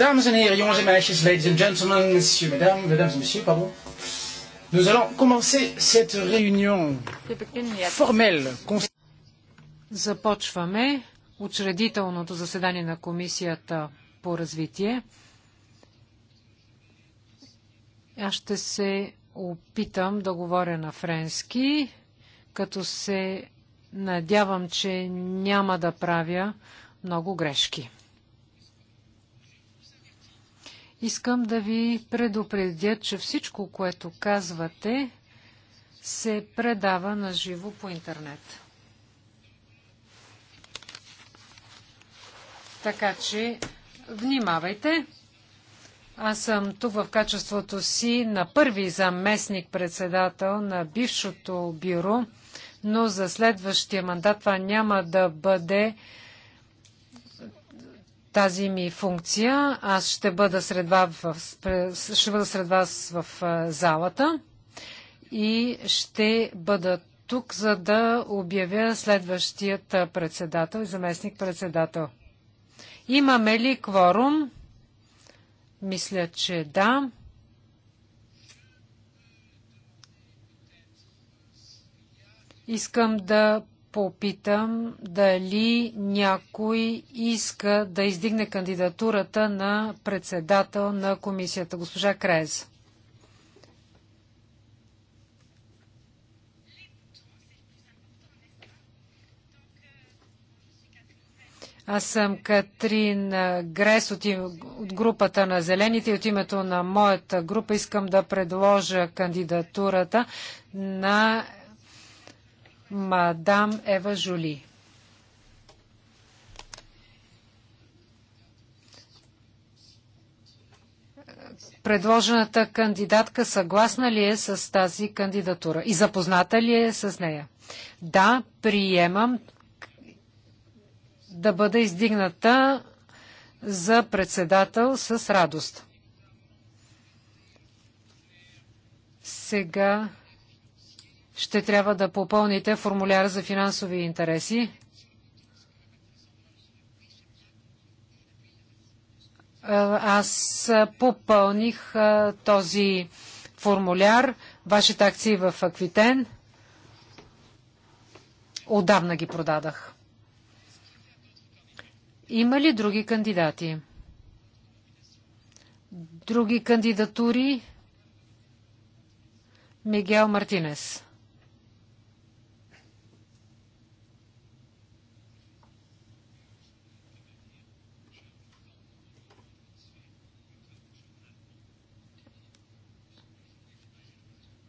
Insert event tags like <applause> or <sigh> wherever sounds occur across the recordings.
Dames en heren, jongens en meisjes, ladies and gentlemen, messieurs, mesdames, mesdames et messieurs, pardon. Nous allons commencer cette réunion formelle. Започваме учредителното заседание на Комисията по развитие. Аз ще се опитам да говоря на френски, като се надявам, че няма да правя много грешки. Искам да ви предупредя, че всичко, което казвате, се предава на живо по интернет. Така че внимавайте. Аз съм тук в качеството си на първи заместник председател на бившото бюро, но за следващия мандат това няма да бъде тази ми функция. Аз ще бъда сред вас в, ще бъда сред вас в залата и ще бъда тук, за да обявя следващият председател и заместник председател. Имаме ли кворум? Мисля, че да. Искам да попитам дали някой иска да издигне кандидатурата на председател на комисията, госпожа Крез. Аз съм Катрин Грес от, от групата на Зелените и от името на моята група искам да предложа кандидатурата на мадам Ева Жули. Предложената кандидатка съгласна ли е с тази кандидатура и запозната ли е с нея? Да, приемам да бъда издигната за председател с радост. Сега ще трябва да попълните формуляр за финансови интереси. Е, аз попълних е, този формуляр, вашите акции в Аквитен. Отдавна ги продадах. Има ли други кандидати? Други кандидатури? Мигел Мартинес.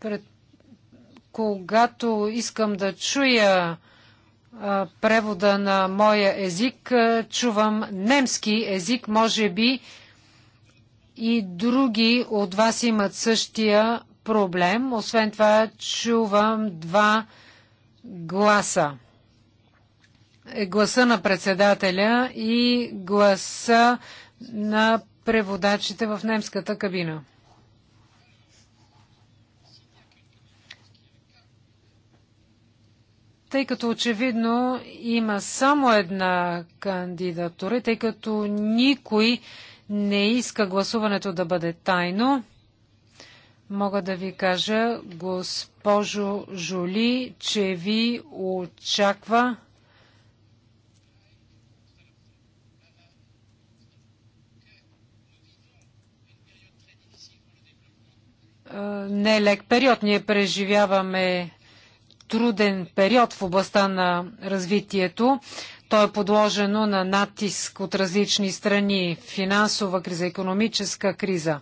пред, когато искам да чуя а, превода на моя език, а, чувам немски език, може би и други от вас имат същия проблем. Освен това, чувам два гласа. Е, гласа на председателя и гласа на преводачите в немската кабина. Тъй като очевидно има само една кандидатура, тъй като никой не иска гласуването да бъде тайно, мога да ви кажа, госпожо Жули, че ви очаква е, нелек период. Ние преживяваме труден период в областта на развитието. То е подложено на натиск от различни страни – финансова криза, економическа криза.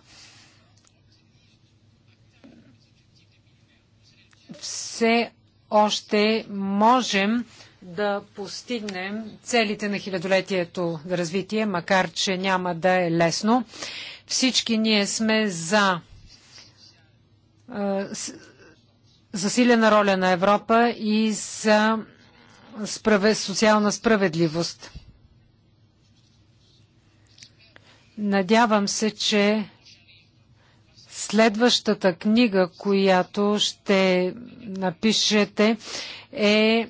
Все още можем да постигнем целите на хилядолетието развитие, макар че няма да е лесно. Всички ние сме за засилена роля на Европа и за справе, социална справедливост. Надявам се, че следващата книга, която ще напишете, е, е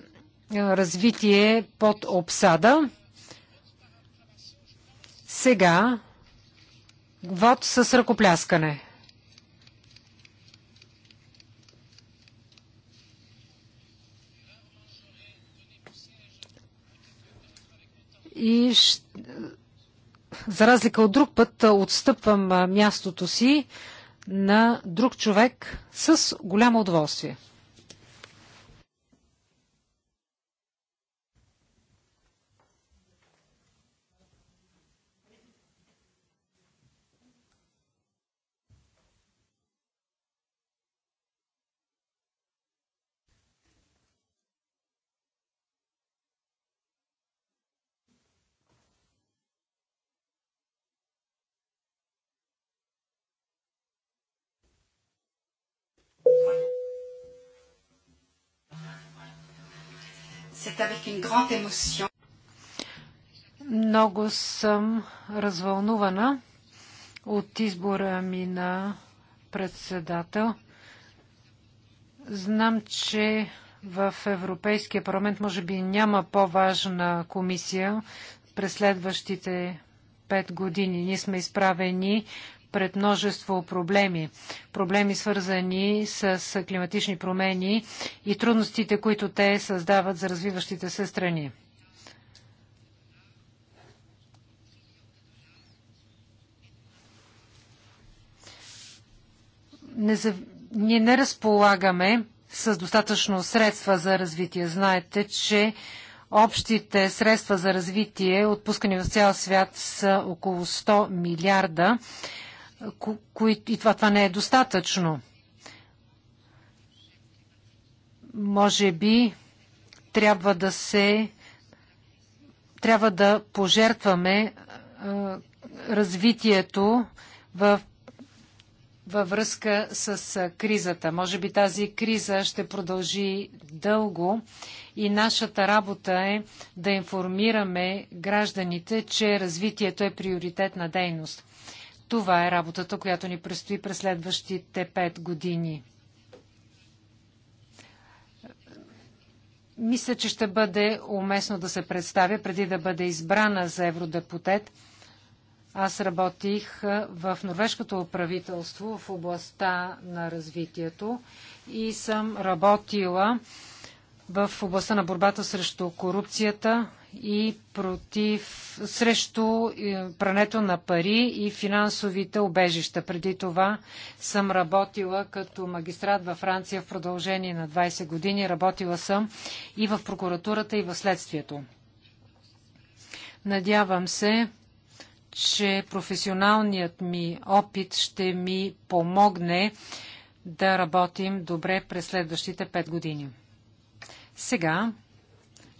развитие под обсада. Сега вод с ръкопляскане. и за разлика от друг път отстъпвам мястото си на друг човек с голямо удоволствие. Много съм развълнувана от избора ми на председател. Знам, че в Европейския парламент може би няма по-важна комисия през следващите пет години. Ние сме изправени пред множество проблеми. Проблеми свързани с климатични промени и трудностите, които те създават за развиващите се страни. Не за... Ние не разполагаме с достатъчно средства за развитие. Знаете, че общите средства за развитие, отпускани в цял свят, са около 100 милиарда кои, и това, това не е достатъчно. Може би трябва да се трябва да пожертваме а, развитието в, във връзка с а, кризата. Може би тази криза ще продължи дълго и нашата работа е да информираме гражданите, че развитието е приоритетна дейност. Това е работата, която ни предстои през следващите пет години. Мисля, че ще бъде уместно да се представя преди да бъде избрана за евродепутет. Аз работих в норвежкото правителство в областта на развитието и съм работила в областта на борбата срещу корупцията, и против срещу е, прането на пари и финансовите убежища. Преди това съм работила като магистрат във Франция в продължение на 20 години. Работила съм и в прокуратурата, и в следствието. Надявам се, че професионалният ми опит ще ми помогне да работим добре през следващите 5 години. Сега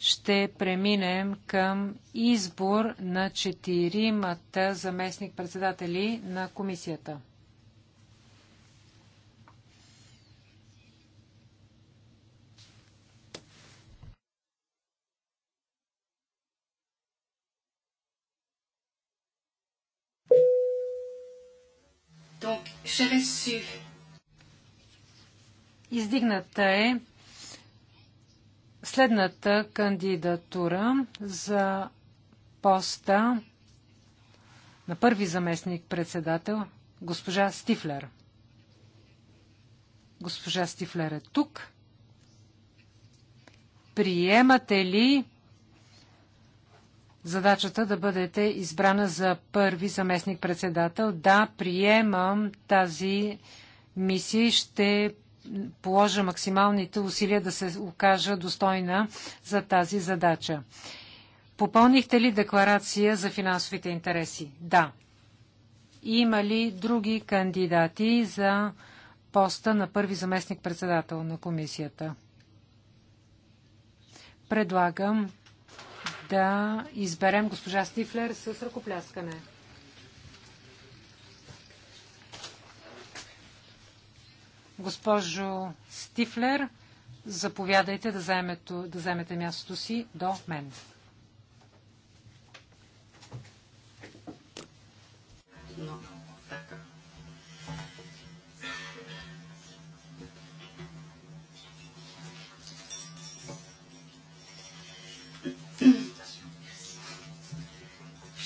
ще преминем към избор на четиримата заместник-председатели на комисията. Издигната е следната кандидатура за поста на първи заместник председател госпожа Стифлер. Госпожа Стифлер е тук. Приемате ли задачата да бъдете избрана за първи заместник председател? Да, приемам тази мисия и ще положа максималните усилия да се окажа достойна за тази задача. Попълнихте ли декларация за финансовите интереси? Да. Има ли други кандидати за поста на първи заместник-председател на комисията? Предлагам да изберем госпожа Стифлер с ръкопляскане. Госпожо Стифлер, заповядайте да заемете, да заемете мястото си до мен.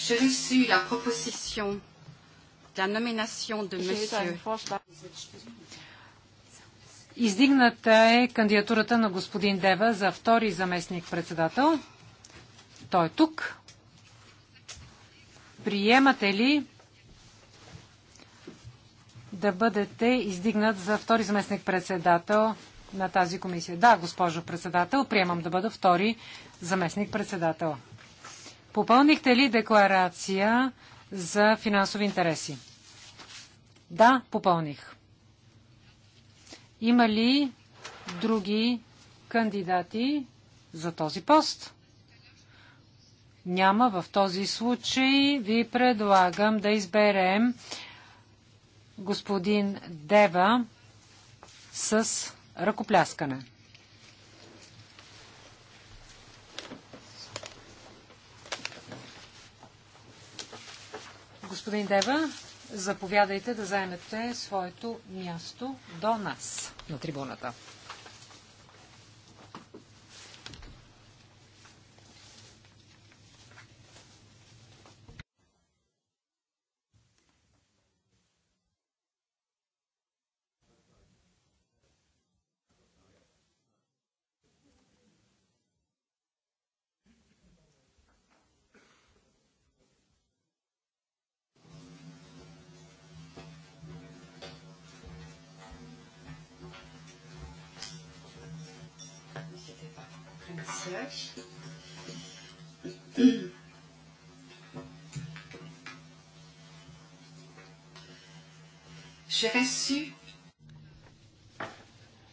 J'ai reçu la proposition de la nomination de monsieur. Издигната е кандидатурата на господин Дева за втори заместник председател. Той е тук. Приемате ли да бъдете издигнат за втори заместник председател на тази комисия? Да, госпожо председател, приемам да бъда втори заместник председател. Попълнихте ли декларация за финансови интереси? Да, попълних. Има ли други кандидати за този пост? Няма. В този случай ви предлагам да изберем господин Дева с ръкопляскане. Господин Дева, Заповядайте да заемете своето място до нас на трибуната.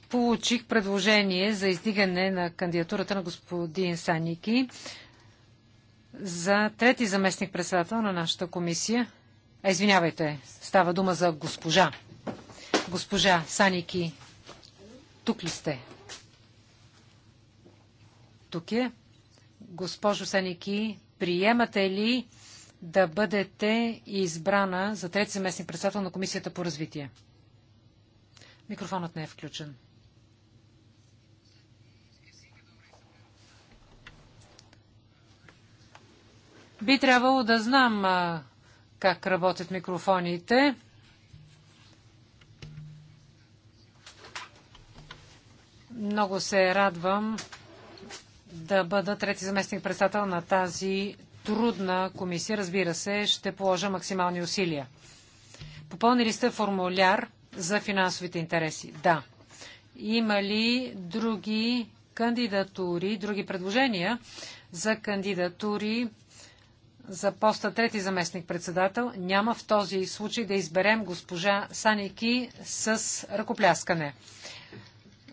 Получих предложение за издигане на кандидатурата на господин Саники за трети заместник председател на нашата комисия. А, извинявайте, става дума за госпожа. Госпожа Саники, тук ли сте? Тук е. Госпожо Саники, приемате ли да бъдете избрана за трети заместник председател на Комисията по развитие. Микрофонът не е включен. Би трябвало да знам а, как работят микрофоните. Много се радвам да бъда трети заместник председател на тази трудна комисия. Разбира се, ще положа максимални усилия. Попълнили сте формуляр за финансовите интереси? Да. Има ли други кандидатури, други предложения за кандидатури за поста трети заместник председател? Няма в този случай да изберем госпожа Саники с ръкопляскане.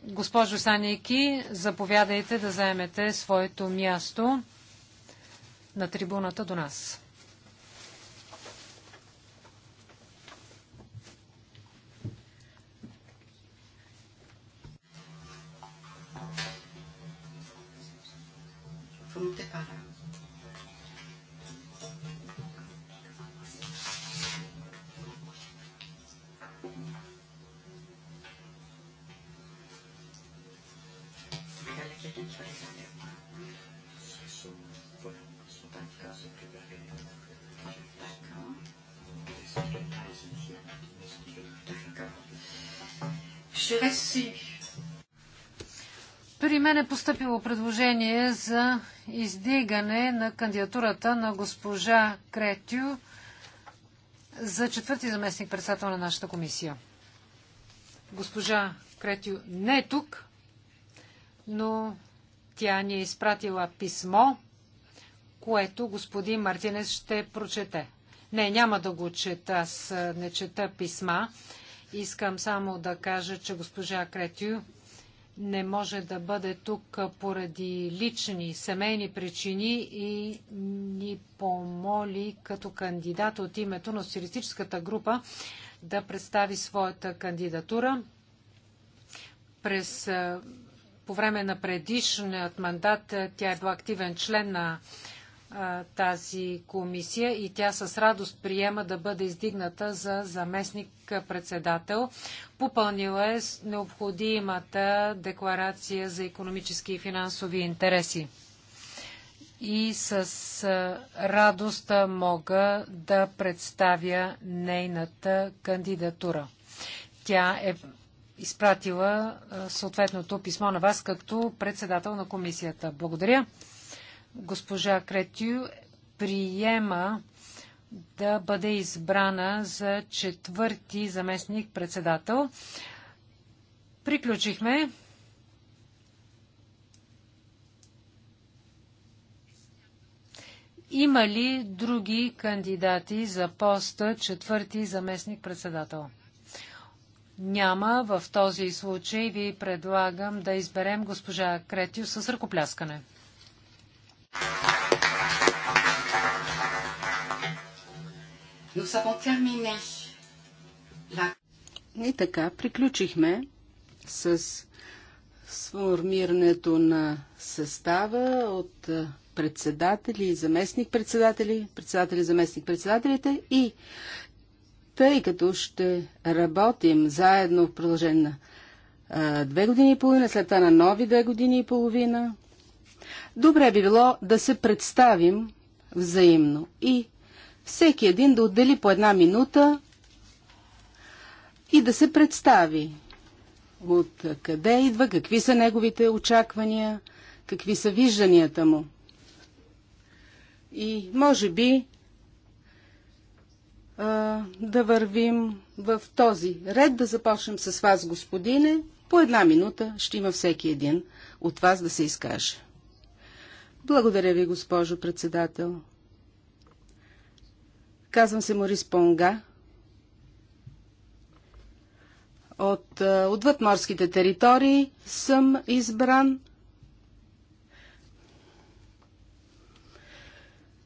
Госпожо Саники, заповядайте да заемете своето място на трибуната до нас. Thank you. При мен е поступило предложение за издигане на кандидатурата на госпожа Кретю за четвърти заместник председател на нашата комисия. Госпожа Кретю не е тук, но тя ни е изпратила писмо, което господин Мартинес ще прочете. Не, няма да го чета. Аз не чета писма. Искам само да кажа, че госпожа Кретю не може да бъде тук поради лични, семейни причини и ни помоли като кандидат от името на социалистическата група да представи своята кандидатура. През, по време на предишният мандат тя е била активен член на тази комисия и тя с радост приема да бъде издигната за заместник-председател. Попълнила е необходимата декларация за економически и финансови интереси. И с радост мога да представя нейната кандидатура. Тя е изпратила съответното писмо на вас като председател на комисията. Благодаря. Госпожа Кретю приема да бъде избрана за четвърти заместник председател. Приключихме. Има ли други кандидати за поста четвърти заместник председател? Няма. В този случай ви предлагам да изберем госпожа Кретио с ръкопляскане. И така, приключихме с сформирането на състава от председатели и заместник-председатели, председатели и заместник-председателите и тъй като ще работим заедно в продължение на две години и половина, след това на нови две години и половина, Добре би било да се представим взаимно и всеки един да отдели по една минута и да се представи от къде идва, какви са неговите очаквания, какви са вижданията му. И може би а, да вървим в този ред, да започнем с вас, господине. По една минута ще има всеки един от вас да се изкаже. Благодаря ви, госпожо председател. Казвам се Морис Понга от е, отвъд морските територии съм избран.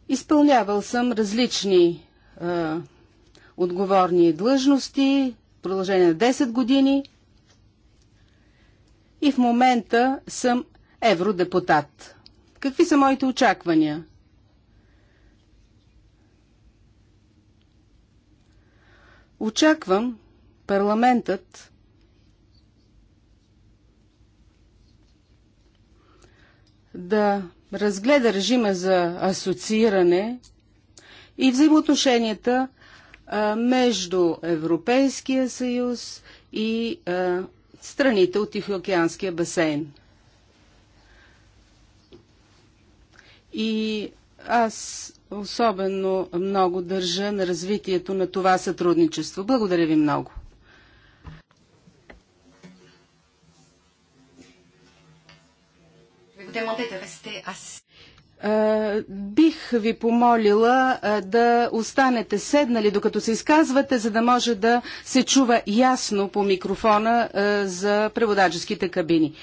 Изпълнявал съм различни е, отговорни длъжности в продължение на 10 години и в момента съм евродепутат. Какви са моите очаквания? Очаквам парламентът да разгледа режима за асоцииране и взаимоотношенията между Европейския съюз и страните от Тихоокеанския басейн. И аз особено много държа на развитието на това сътрудничество. Благодаря ви много. Бих ви помолила да останете седнали докато се изказвате, за да може да се чува ясно по микрофона за преводаческите кабини.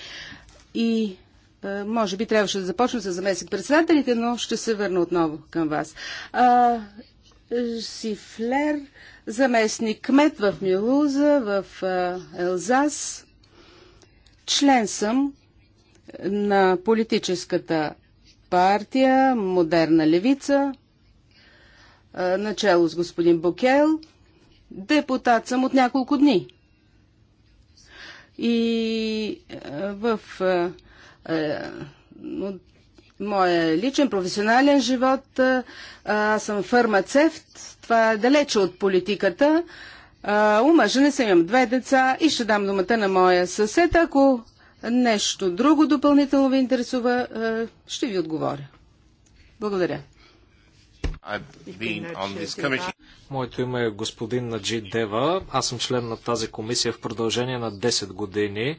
И е, може би трябваше да започна с заместник председателите, но ще се върна отново към вас. А, Сифлер, заместник кмет в Милуза, в а, Елзас. Член съм на политическата партия Модерна левица, а, начало с господин Бокел. Депутат съм от няколко дни. И а, в а, е, моя личен професионален живот е, аз съм фармацевт. Това е далече от политиката. Омъжена съм, имам две деца и ще дам думата на моя съсед. Ако нещо друго допълнително ви интересува, е, ще ви отговоря. Благодаря. Моето име е господин Наджи Дева. Аз съм член на тази комисия в продължение на 10 години.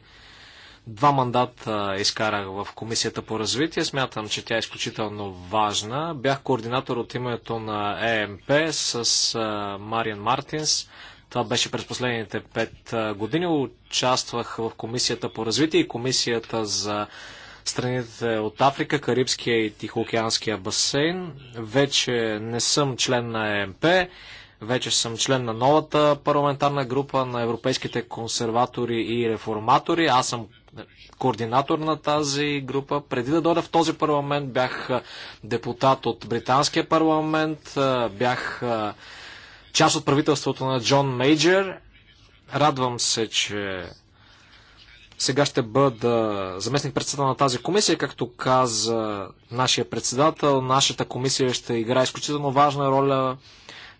Два мандата изкарах в Комисията по развитие. Смятам, че тя е изключително важна. Бях координатор от името на ЕМП с Мариан Мартинс. Това беше през последните пет години. Участвах в Комисията по развитие и Комисията за страните от Африка, Карибския и Тихоокеанския басейн. Вече не съм член на ЕМП. Вече съм член на новата парламентарна група на европейските консерватори и реформатори. Аз съм координатор на тази група. Преди да дойда в този парламент бях депутат от британския парламент, бях част от правителството на Джон Мейджер. Радвам се, че сега ще бъда заместник председател на тази комисия, както каза нашия председател. Нашата комисия ще играе изключително важна роля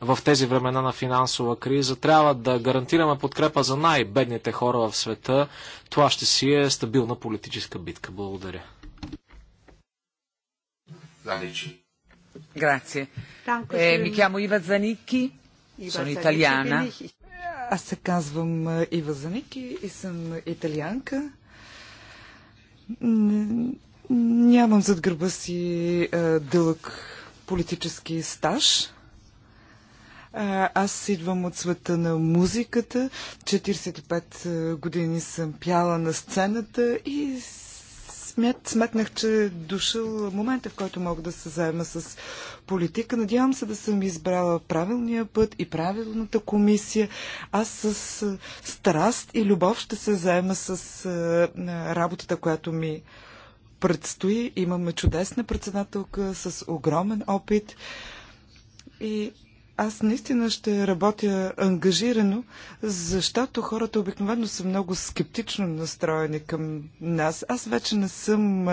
в тези времена на финансова криза. Трябва да гарантираме подкрепа за най-бедните хора в света. Това ще си е стабилна политическа битка. Благодаря. Grazie. Eh, mi chiamo Iva Zanicchi, sono italiana. Аз се казвам е, Ива Заники и съм италианка. Нямам зад гърба си е, дълъг политически стаж. Аз идвам от света на музиката. 45 години съм пяла на сцената и смет, сметнах, че е дошъл момента, в който мога да се заема с политика. Надявам се да съм избрала правилния път и правилната комисия. Аз с страст и любов ще се заема с работата, която ми предстои. Имаме чудесна председателка с огромен опит и аз наистина ще работя ангажирано, защото хората обикновено са много скептично настроени към нас. Аз вече не съм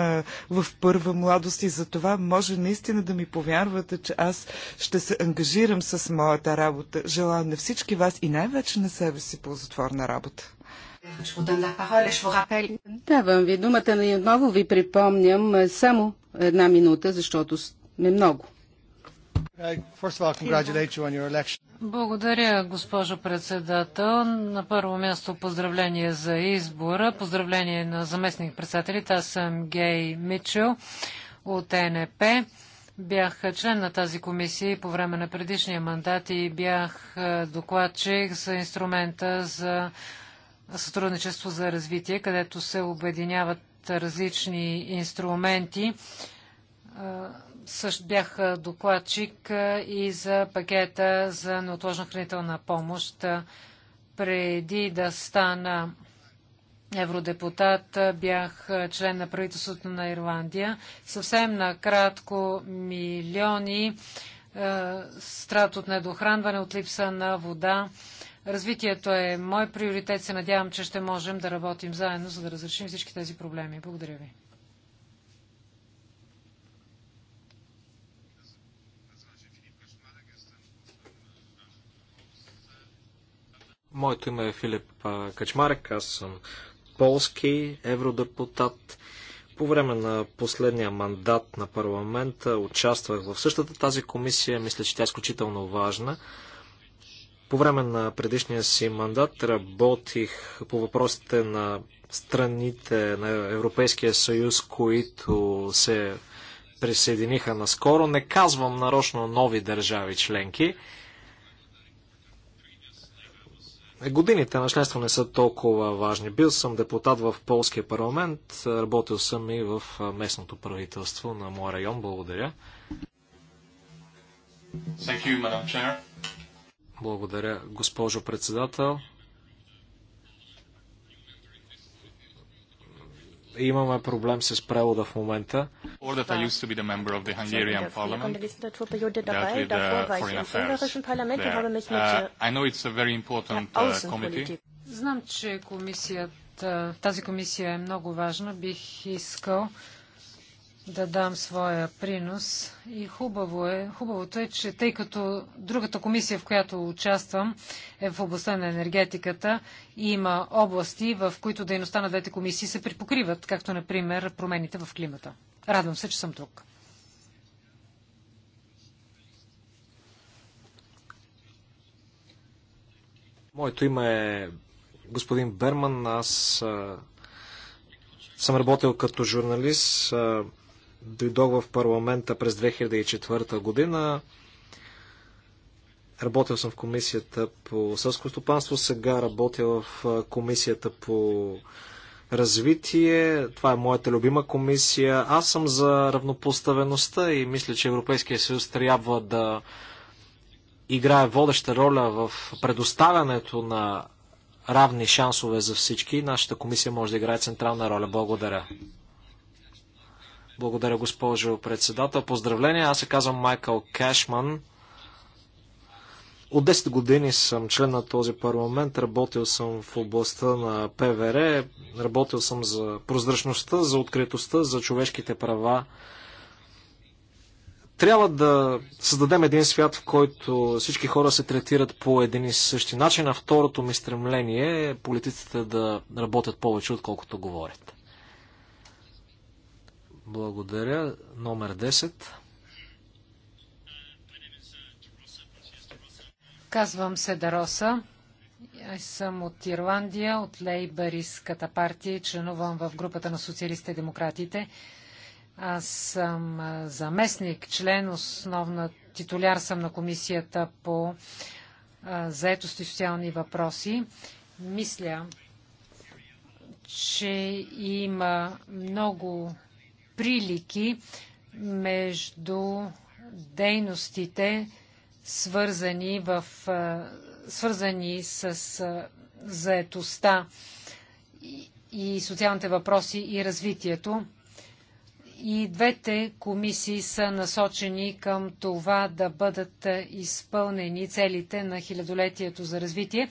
в първа младост и за това може наистина да ми повярвате, че аз ще се ангажирам с моята работа. Желая на всички вас и най-вече на себе си ползотворна работа. Давам ви думата, но отново ви припомням само една минута, защото сме много. Uh, Благодаря, госпожо председател. На първо място поздравление за избора. Поздравление на заместник председателите. Аз съм Гей Мичел от ЕНП. Бях член на тази комисия по време на предишния мандат и бях докладчик за инструмента за сътрудничество за развитие, където се обединяват различни инструменти също бях докладчик и за пакета за неотложна хранителна помощ. Преди да стана евродепутат бях член на правителството на Ирландия. Съвсем накратко милиони страдат страт от недохранване, от липса на вода. Развитието е мой приоритет. Се надявам, че ще можем да работим заедно, за да разрешим всички тези проблеми. Благодаря ви. Моето име е Филип Качмарек, аз съм полски евродепутат. По време на последния мандат на парламента участвах в същата тази комисия. Мисля, че тя е изключително важна. По време на предишния си мандат работих по въпросите на страните на Европейския съюз, които се присъединиха наскоро. Не казвам нарочно нови държави членки. Е, годините на членство не са толкова важни. Бил съм депутат в Полския парламент, работил съм и в местното правителство на моя район. Благодаря. You, Благодаря, госпожо председател. Имаме проблем с превода в момента. An dieser Legislaturperiode dabei. Davor war ich im ungarischen Parlament und habe mich mit Außenpolitik. Знам, че комисията, тази комисия е много важна. Бих искал да дам своя принос. И хубаво е, хубавото е, че тъй като другата комисия, в която участвам, е в областта на енергетиката, има области, в които дейността на двете комисии се припокриват, както, например, промените в климата. Радвам се, че съм тук. Моето име е господин Берман. Аз съм работил като журналист. Дойдох в парламента през 2004 година. Работил съм в комисията по сълско стопанство, сега работя в комисията по развитие. Това е моята любима комисия. Аз съм за равнопоставеността и мисля, че Европейския съюз трябва да играе водеща роля в предоставянето на равни шансове за всички. Нашата комисия може да играе централна роля. Благодаря. Благодаря, госпожо председател. Поздравления, аз се казвам Майкъл Кешман. От 10 години съм член на този парламент, работил съм в областта на ПВР, работил съм за прозрачността, за откритостта, за човешките права. Трябва да създадем един свят, в който всички хора се третират по един и същи начин, а второто ми стремление е политиците да работят повече, отколкото говорят. Благодаря. Номер 10. Казвам се Дароса. Аз съм от Ирландия, от Лейбаристската партия и членувам в групата на социалистите и демократите. Аз съм заместник, член, основна титуляр съм на комисията по заетост и социални въпроси. Мисля, че има много прилики между дейностите, свързани, в, свързани с заетостта и социалните въпроси и развитието. И двете комисии са насочени към това да бъдат изпълнени целите на хилядолетието за развитие.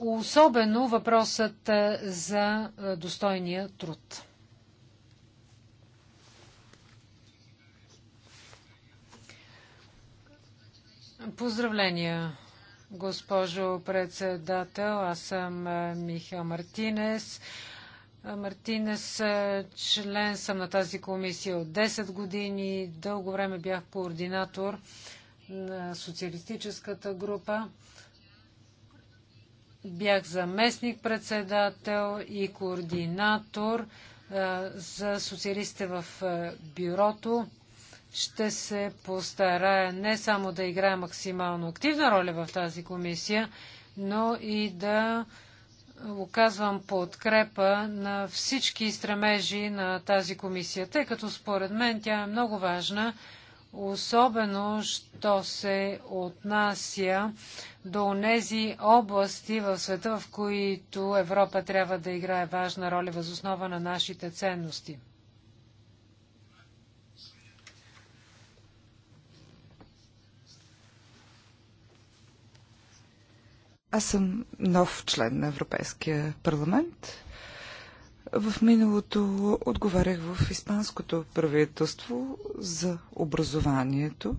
Особено въпросът за достойния труд. Поздравления, госпожо председател. Аз съм Михаил Мартинес. Мартинес, член съм на тази комисия от 10 години. Дълго време бях координатор на социалистическата група. Бях заместник-председател и координатор за социалистите в бюрото. Ще се постарая не само да играя максимално активна роля в тази комисия, но и да оказвам подкрепа на всички стремежи на тази комисия, тъй като според мен тя е много важна, особено що се отнася до тези области в света, в които Европа трябва да играе важна роля възоснова на нашите ценности. Аз съм нов член на Европейския парламент. В миналото отговарях в Испанското правителство за образованието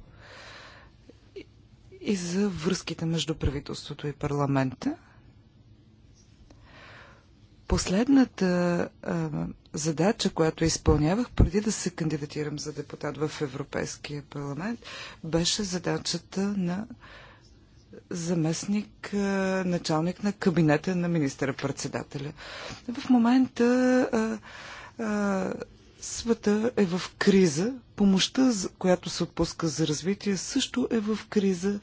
и за връзките между правителството и парламента. Последната а, задача, която изпълнявах преди да се кандидатирам за депутат в Европейския парламент, беше задачата на заместник началник на кабинета на министъра-председателя. В момента света е в криза, помощта, която се отпуска за развитие, също е в криза,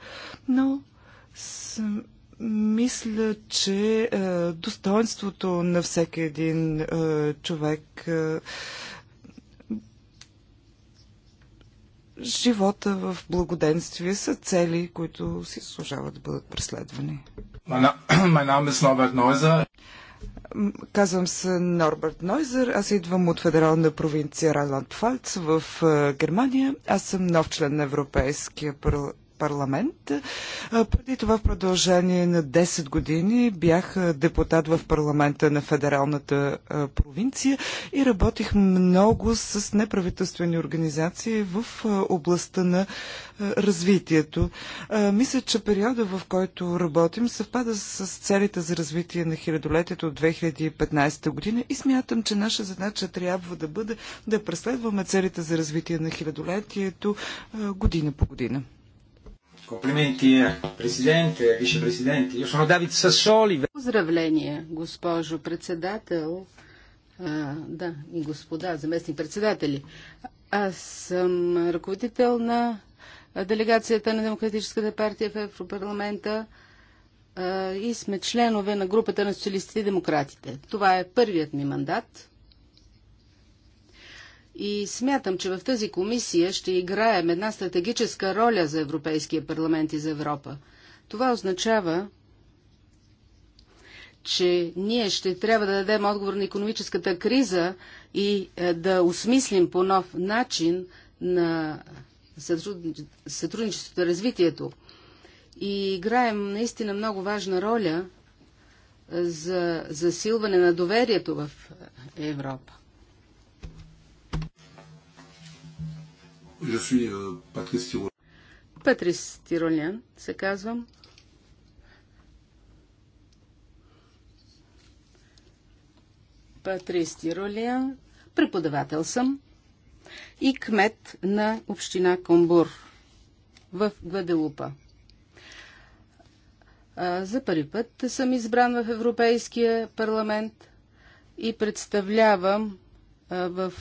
но съм, мисля, че а, достоинството на всеки един а, човек А, живота в благоденствие са цели, които си служават да бъдат преследвани. <clears throat> Е казвам се Норберт Нойзер. Аз идвам от федерална провинция Райланд-Фалц в е, Германия. Аз съм нов член на Европейския парламент парламент. Преди това в продължение на 10 години бях депутат в парламента на федералната провинция и работих много с неправителствени организации в областта на развитието. Мисля, че периода, в който работим, съвпада с целите за развитие на хилядолетието от 2015 година и смятам, че наша задача трябва да бъде да преследваме целите за развитие на хилядолетието година по година. Комплименти, президенте, вице-президенте. Io sono David Поздравления, госпожо председател. А, да, и господа, заместни председатели. Аз съм ръководител на делегацията на Демократическата партия в Европарламента а, и сме членове на групата на социалистите и демократите. Това е първият ми мандат. И смятам, че в тази комисия ще играем една стратегическа роля за Европейския парламент и за Европа. Това означава, че ние ще трябва да дадем отговор на економическата криза и е, да осмислим по нов начин на сътрудничеството и развитието. И играем наистина много важна роля е, за засилване на доверието в е, Европа. Je suis euh, Patrice Патрис Тиролен се казвам. Патрис Тиролян, преподавател съм и кмет на община Комбур в Гваделупа. За първи път съм избран в Европейския парламент и представлявам в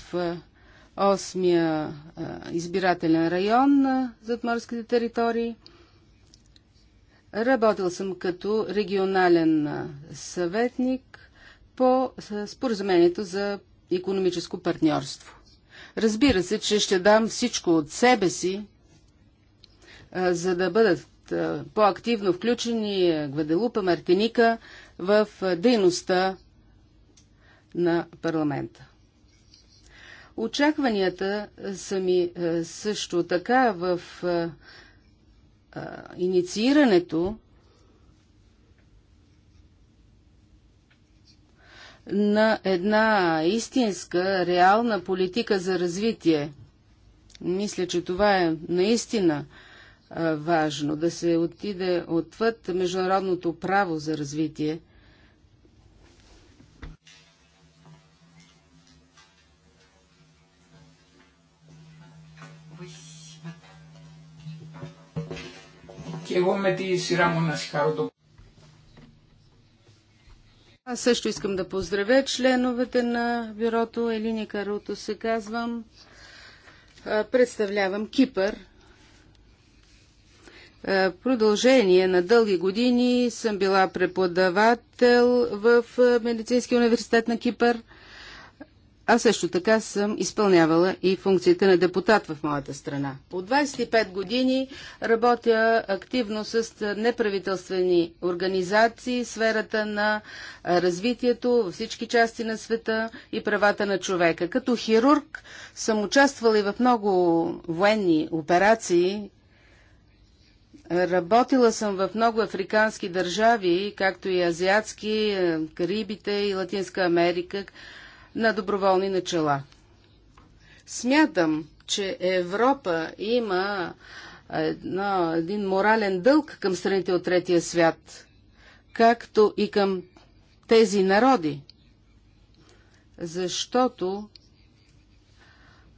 осмия избирателен район на задморските територии. Работил съм като регионален съветник по споразумението за економическо партньорство. Разбира се, че ще дам всичко от себе си, за да бъдат по-активно включени е, Гваделупа, Мартиника в дейността на парламента. Очакванията са ми е, също така в е, е, инициирането на една истинска, реална политика за развитие. Мисля, че това е наистина важно, да се отиде отвъд международното право за развитие Και εγώ με τη σειρά μου να συγχαρώ το аз също искам да поздравя членовете на бюрото Елини Каруто, се казвам. Представлявам Кипър. Продължение на дълги години съм била преподавател в Медицинския университет на Кипър – а също така съм изпълнявала и функцията на депутат в моята страна. От 25 години работя активно с неправителствени организации, сферата на развитието във всички части на света и правата на човека. Като хирург съм участвала и в много военни операции. Работила съм в много африкански държави, както и азиатски, е, Карибите и Латинска Америка на доброволни начала. Смятам, че Европа има едно, един морален дълг към страните от третия свят, както и към тези народи, защото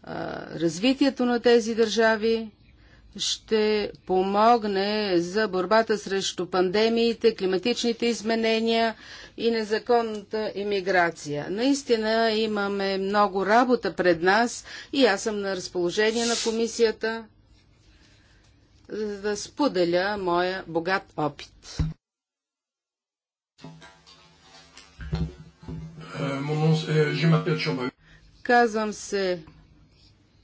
а, развитието на тези държави ще помогне за борбата срещу пандемиите, климатичните изменения и незаконната иммиграция. Наистина имаме много работа пред нас и аз съм на разположение на комисията за да споделя моя богат опит. Е, е, Казвам се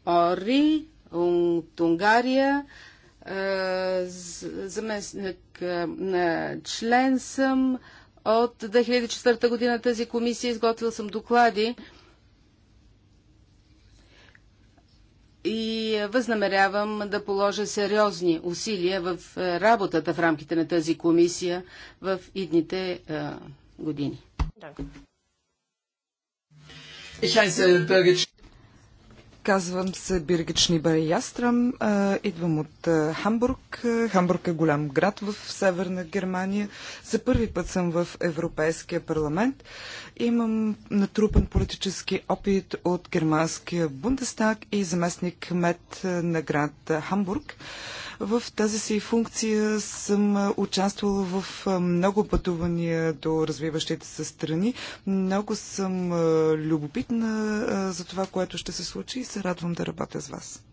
Ори от Унгария. Заместник член съм от 2004 година тази комисия. Изготвил съм доклади и възнамерявам да положа сериозни усилия в работата в рамките на тази комисия в идните години. Казвам се Биргит Шнибер Ястрам. Идвам от Хамбург. Хамбург е голям град в Северна Германия. За първи път съм в Европейския парламент. Имам натрупан политически опит от германския Бундестаг и заместник мед на град Хамбург. В тази си функция съм участвала в много пътувания до развиващите се страни. Много съм любопитна за това, което ще се случи и се радвам да работя с вас.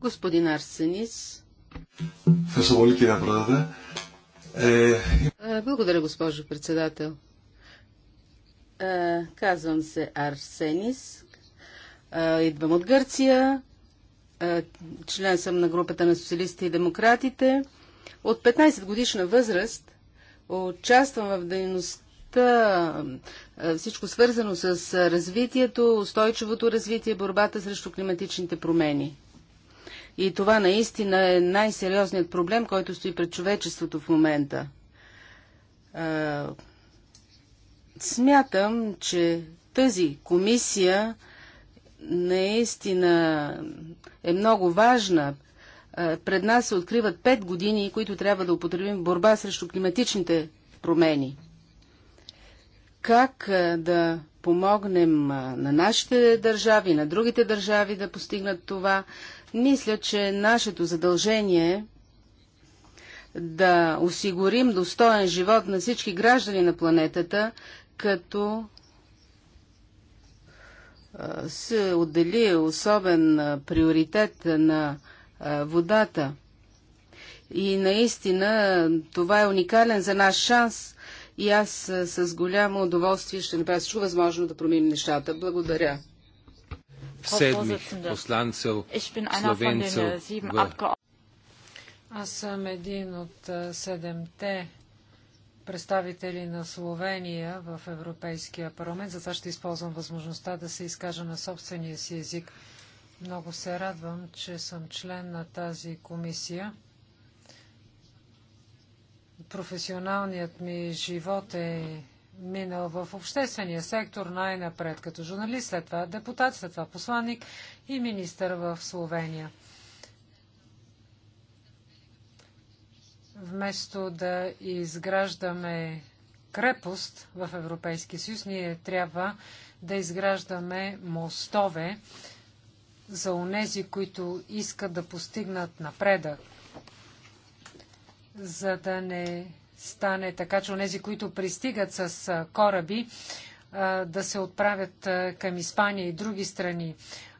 Господин Арсенис. Е, благодаря, госпожо председател. Казвам се Арсенис. Идвам от Гърция, член съм на групата на социалистите и демократите. От 15 годишна възраст участвам в дейността всичко свързано с развитието, устойчивото развитие, борбата срещу климатичните промени. И това наистина е най-сериозният проблем, който стои пред човечеството в момента. Смятам, че тази комисия наистина е много важна. Пред нас се откриват 5 години, които трябва да употребим в борба срещу климатичните промени. Как да помогнем на нашите държави, на другите държави да постигнат това, мисля, че нашето задължение е да осигурим достоен живот на всички граждани на планетата, като се отдели особен приоритет на водата. И наистина това е уникален за наш шанс и аз с голямо удоволствие ще направя всичко възможно да променим нещата. Благодаря. Седмих посланцев, словенцев. Аз съм един от седемте представители на Словения в Европейския парламент. Затова ще използвам възможността да се изкажа на собствения си език. Много се радвам, че съм член на тази комисия. Професионалният ми живот е минал в обществения сектор най-напред, като журналист, след това депутат, след това посланник и министър в Словения. Вместо да изграждаме крепост в Европейския съюз, ние трябва да изграждаме мостове за онези, които искат да постигнат напредък, за да не стане така, че онези, които пристигат с кораби, да се отправят към Испания и други страни,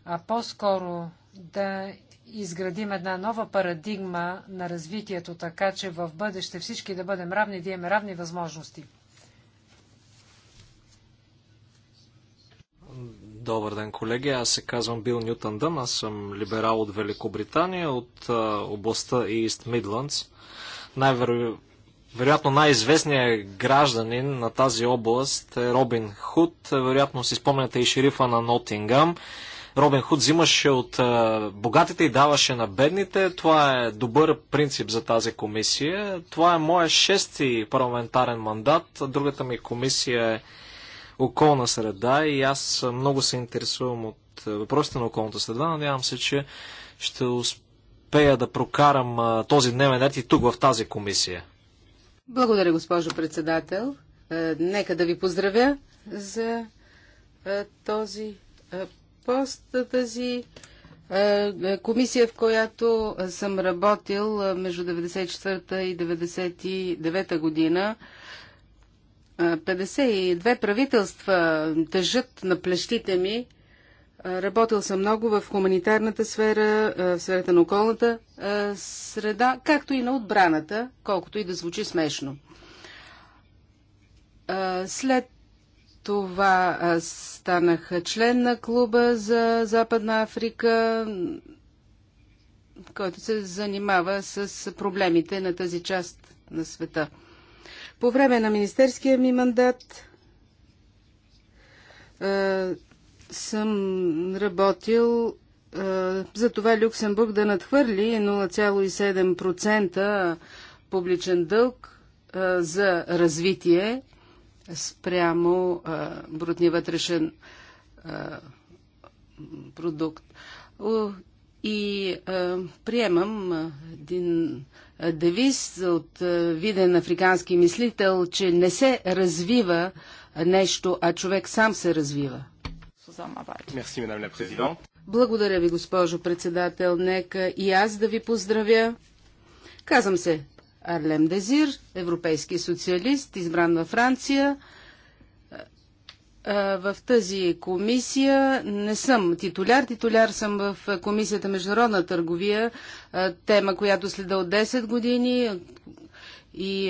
а по-скоро да изградим една нова парадигма на развитието, така че в бъдеще всички да бъдем равни, да имаме равни възможности. Добър ден, колеги. Аз се казвам Бил Нютън Дън. Аз съм либерал от Великобритания, от областта East Midlands. Най-вероятно най-известният гражданин на тази област е Робин Худ. Вероятно си спомняте и шерифа на Нотингам. Робин Худ взимаше от богатите и даваше на бедните. Това е добър принцип за тази комисия. Това е моят шести парламентарен мандат. Другата ми комисия е околна среда и аз много се интересувам от въпросите на околната среда. Надявам се, че ще успея да прокарам този дневен ред и тук в тази комисия. Благодаря, госпожо председател. Е, нека да ви поздравя за е, този е, пост тази комисия, в която съм работил между 1994 и 1999 година. 52 правителства тъжат на плещите ми. Работил съм много в хуманитарната сфера, в сферата на околната среда, както и на отбраната, колкото и да звучи смешно. След това станах член на клуба за Западна Африка, който се занимава с проблемите на тази част на света. По време на министерския ми мандат е, съм работил е, за това Люксембург да надхвърли 0,7% публичен дълг е, за развитие спрямо брутния вътрешен продукт. И приемам един девиз от виден африкански мислител, че не се развива нещо, а човек сам се развива. Благодаря ви, госпожо председател. Нека и аз да ви поздравя. Казвам се Арлем Дезир, европейски социалист, избран във Франция. В тази комисия не съм титуляр. Титуляр съм в комисията Международна търговия, тема, която следа от 10 години и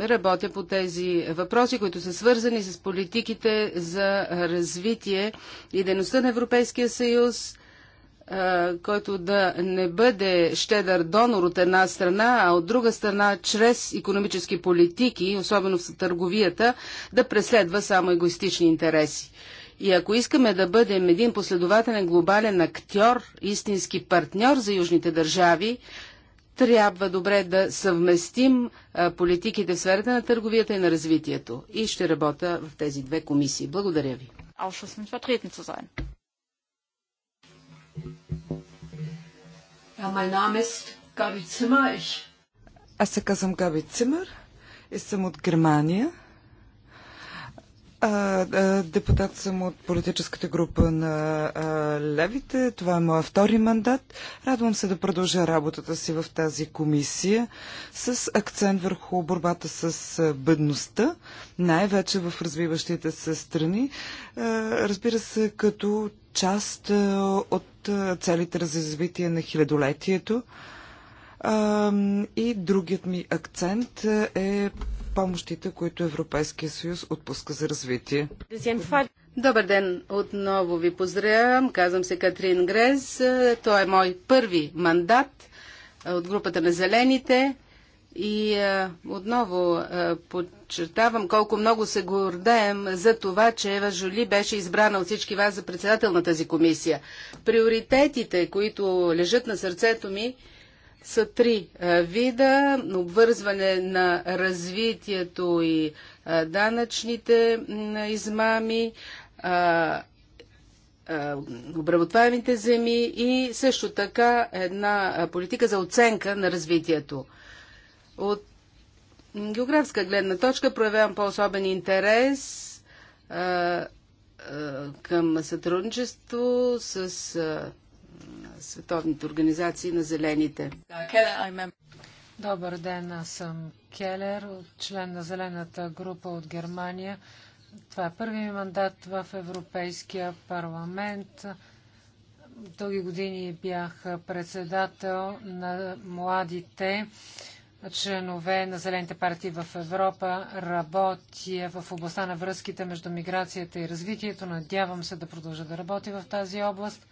работя по тези въпроси, които са свързани с политиките за развитие и дейността на Европейския съюз който да не бъде щедър донор от една страна, а от друга страна, чрез економически политики, особено в търговията, да преследва само егоистични интереси. И ако искаме да бъдем един последователен глобален актьор, истински партньор за южните държави, трябва добре да съвместим политиките в сферата на търговията и на развитието. И ще работя в тези две комисии. Благодаря ви. Ja, mein Name ist Gabi Zimmer. Ich... Аз се казвам Габи Цимър и съм от Германия депутат съм от политическата група на Левите. Това е моят втори мандат. Радвам се да продължа работата си в тази комисия с акцент върху борбата с бедността, най-вече в развиващите се страни. разбира се, като част от целите за развитие на хилядолетието. и другият ми акцент е помощите, които Европейския съюз отпуска за развитие. Добър ден, отново ви поздравям. Казвам се Катрин Грез. Той е мой първи мандат от групата на Зелените. И а, отново а, подчертавам колко много се гордеем за това, че Ева Жоли беше избрана от всички вас за председател на тази комисия. Приоритетите, които лежат на сърцето ми, са три вида обвързване на развитието и данъчните измами, обработваемите земи и също така една политика за оценка на развитието. От географска гледна точка проявявам по-особен интерес към сътрудничество с световните организации на зелените. Добър ден, аз съм Келер, член на Зелената група от Германия. Това е първи ми мандат в Европейския парламент. Дълги години бях председател на младите членове на Зелените партии в Европа. Работя в областта на връзките между миграцията и развитието. Надявам се да продължа да работя в тази област.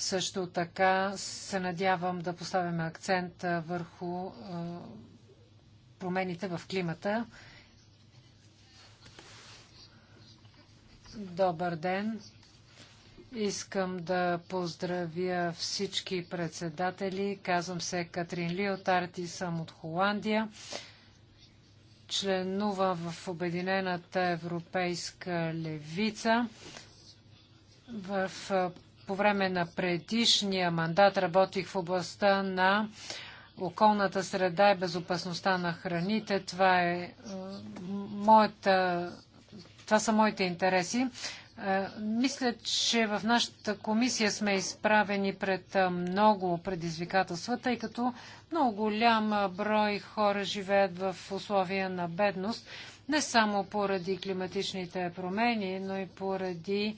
Също така се надявам да поставяме акцент върху промените в климата. Добър ден! Искам да поздравя всички председатели. Казвам се Катрин Лиотард и съм от Холандия. Членува в Обединената европейска левица. В по време на предишния мандат работих в областта на околната среда и безопасността на храните. Това, е, е моята, това са моите интереси. Е, мисля, че в нашата комисия сме изправени пред е, много предизвикателства, тъй като много голям брой хора живеят в условия на бедност, не само поради климатичните промени, но и поради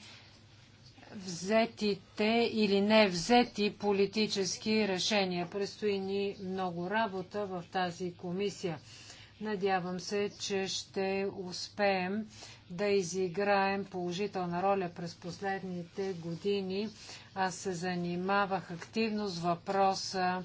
взетите или не взети политически решения. Предстои ни много работа в тази комисия. Надявам се, че ще успеем да изиграем положителна роля през последните години аз се занимавах активно с, въпроса,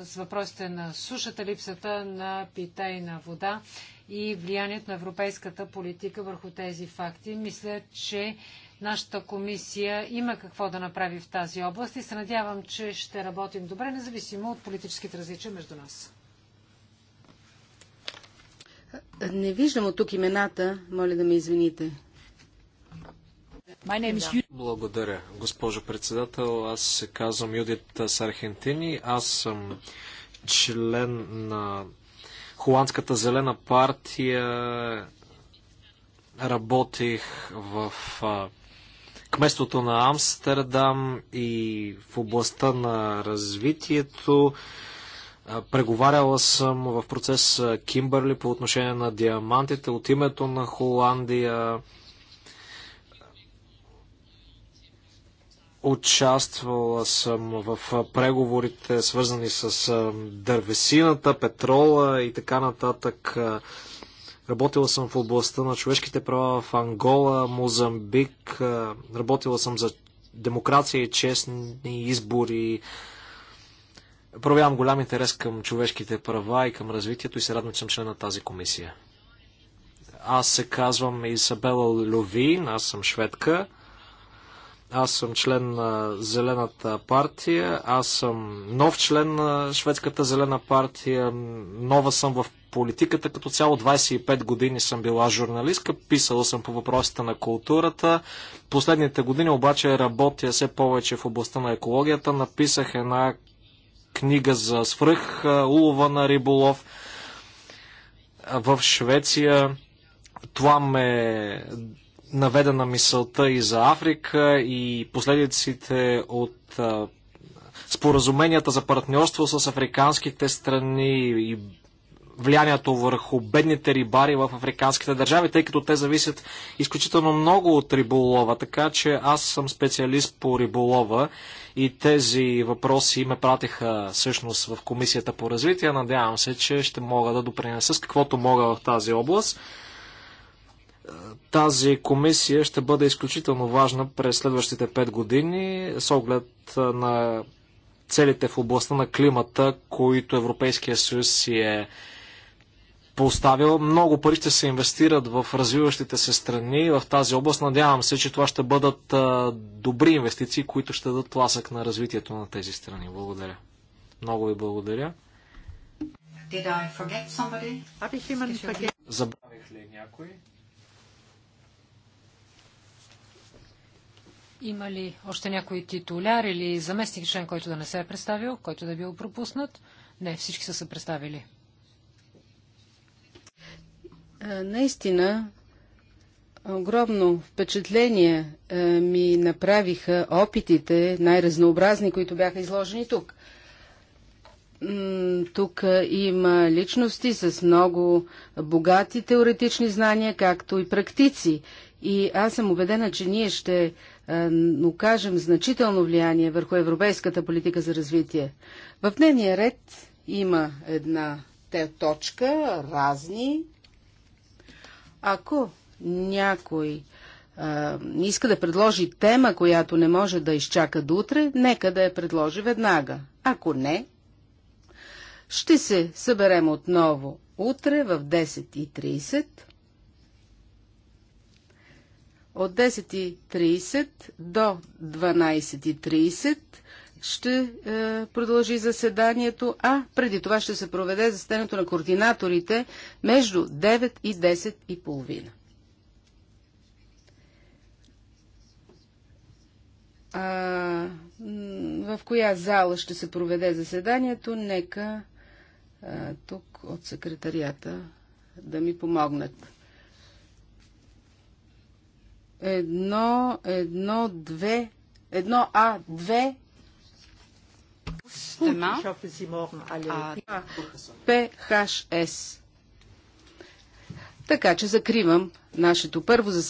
с въпросите на сушата, липсата на питейна вода и влиянието на европейската политика върху тези факти. Мисля, че нашата комисия има какво да направи в тази област и се надявам, че ще работим добре, независимо от политическите различия между нас. Не виждам от тук имената. Моля да ме извините. Благодаря, госпожо председател. Аз се казвам Юдит Сархентини. Аз съм член на Холандската зелена партия. Работих в кместото на Амстердам и в областта на развитието. Преговаряла съм в процес Кимбърли по отношение на диамантите от името на Холандия. Участвала съм в преговорите, свързани с дървесината, петрола и така нататък. Работила съм в областта на човешките права в Ангола, Мозамбик. Работила съм за демокрация и честни избори. Проявявам голям интерес към човешките права и към развитието и се радвам, че съм член на тази комисия. Аз се казвам Изабела Льовин, аз съм шведка. Аз съм член на Зелената партия, аз съм нов член на Шведската Зелена партия, нова съм в политиката като цяло. 25 години съм била журналистка, писала съм по въпросите на културата. Последните години обаче работя все повече в областта на екологията. Написах една книга за свръх улова на риболов в Швеция. Това ме наведена мисълта и за Африка и последиците от споразуменията за партньорство с африканските страни и влиянието върху бедните рибари в африканските държави, тъй като те зависят изключително много от риболова. Така че аз съм специалист по риболова и тези въпроси ме пратиха всъщност в Комисията по развитие. Надявам се, че ще мога да допринеса с каквото мога в тази област тази комисия ще бъде изключително важна през следващите 5 години с оглед на целите в областта на климата, които Европейския съюз си е поставил. Много пари ще се инвестират в развиващите се страни в тази област. Надявам се, че това ще бъдат добри инвестиции, които ще дадат тласък на развитието на тези страни. Благодаря. Много ви благодаря. Забравих ли някой? Има ли още някой титуляр или заместник член, който да не се е представил, който да е бил пропуснат? Не, всички са се представили. Наистина, огромно впечатление ми направиха опитите, най-разнообразни, които бяха изложени тук. Тук има личности с много богати теоретични знания, както и практици. И аз съм убедена, че ние ще е, окажем значително влияние върху европейската политика за развитие. В дневния ред има една те точка, разни. Ако някой а, е, иска да предложи тема, която не може да изчака до утре, нека да я предложи веднага. Ако не, ще се съберем отново утре в 10.30 от 10.30 до 12.30 ще е, продължи заседанието, а преди това ще се проведе заседанието на координаторите между 9 и 10.30. и в коя зала ще се проведе заседанието, нека а, тук от секретарията да ми помогнат едно, едно, две, едно, а, две, Demain, Така че закривам нашето първо заседание.